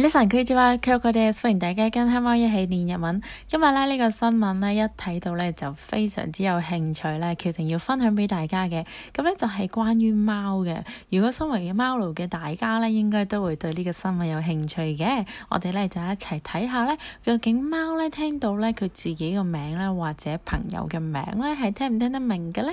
俾啲神奇之，歡迎大家跟黑貓一起練日文。今日呢，呢個新聞呢一睇到呢，就非常之有興趣咧，決定要分享俾大家嘅。咁呢就係關於貓嘅。如果身為嘅貓奴嘅大家呢，應該都會對呢個新聞有興趣嘅。我哋呢就一齊睇下呢，究竟貓呢聽到呢佢自己個名呢，或者朋友嘅名聽聽呢，係聽唔聽得明嘅呢？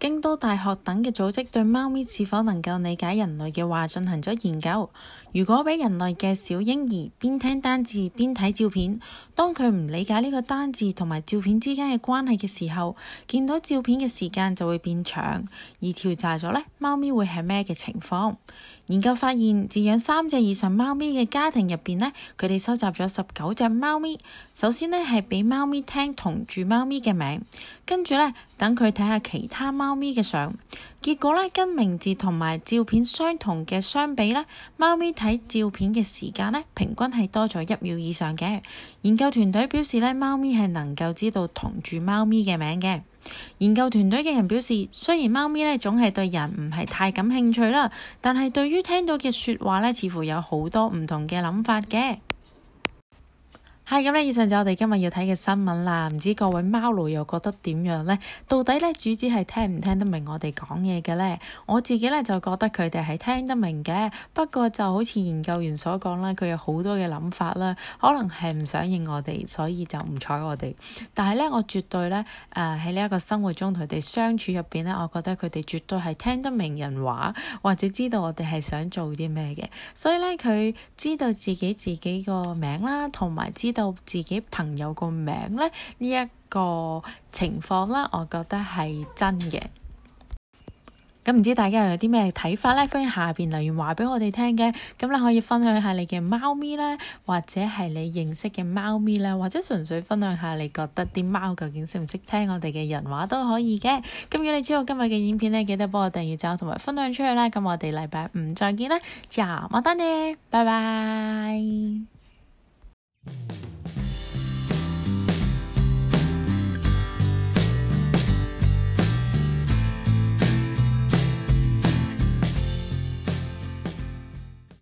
京都大學等嘅組織對貓咪是否能夠理解人類嘅話進行咗研究。如果俾人類嘅小嬰兒邊聽單字邊睇照片，當佢唔理解呢個單字同埋照片之間嘅關係嘅時候，見到照片嘅時間就會變長。而調查咗呢，貓咪會係咩嘅情況？研究發現，飼養三隻以上貓咪嘅家庭入邊呢，佢哋收集咗十九隻貓咪。首先呢，係俾貓咪聽同住貓咪嘅名，跟住呢，等佢睇下其他貓咪嘅相，結果呢，跟名字同埋照片相同嘅相比呢，貓咪睇照片嘅時間呢，平均係多咗一秒以上嘅。研究團隊表示呢，貓咪係能夠知道同住貓咪嘅名嘅。研究團隊嘅人表示，雖然貓咪呢總係對人唔係太感興趣啦，但係對於聽到嘅說話呢，似乎有好多唔同嘅諗法嘅。係咁咧，以上就我哋今日要睇嘅新聞啦。唔知各位貓奴又覺得點樣呢？到底咧主子係聽唔聽得明我哋講嘢嘅呢？我自己咧就覺得佢哋係聽得明嘅，不過就好似研究員所講啦，佢有好多嘅諗法啦，可能係唔想應我哋，所以就唔睬我哋。但係咧，我絕對咧誒喺呢一，呃，個生活中同佢哋相處入邊咧，我覺得佢哋絕對係聽得明人話，或者知道我哋係想做啲咩嘅。所以咧，佢知道自己自己個名啦，同埋知道。有自己朋友個名呢，呢一個情況啦，我覺得係真嘅。咁唔知大家又有啲咩睇法呢？歡迎下邊留言話俾我哋聽嘅。咁你可以分享下你嘅貓咪啦，或者係你認識嘅貓咪啦，或者純粹分享下你覺得啲貓究竟識唔識聽我哋嘅人話都可以嘅。咁如果你知道今日嘅影片呢，記得幫我訂閱、讚同埋分享出去啦。咁我哋禮拜五再見啦，就冇得呢，拜拜。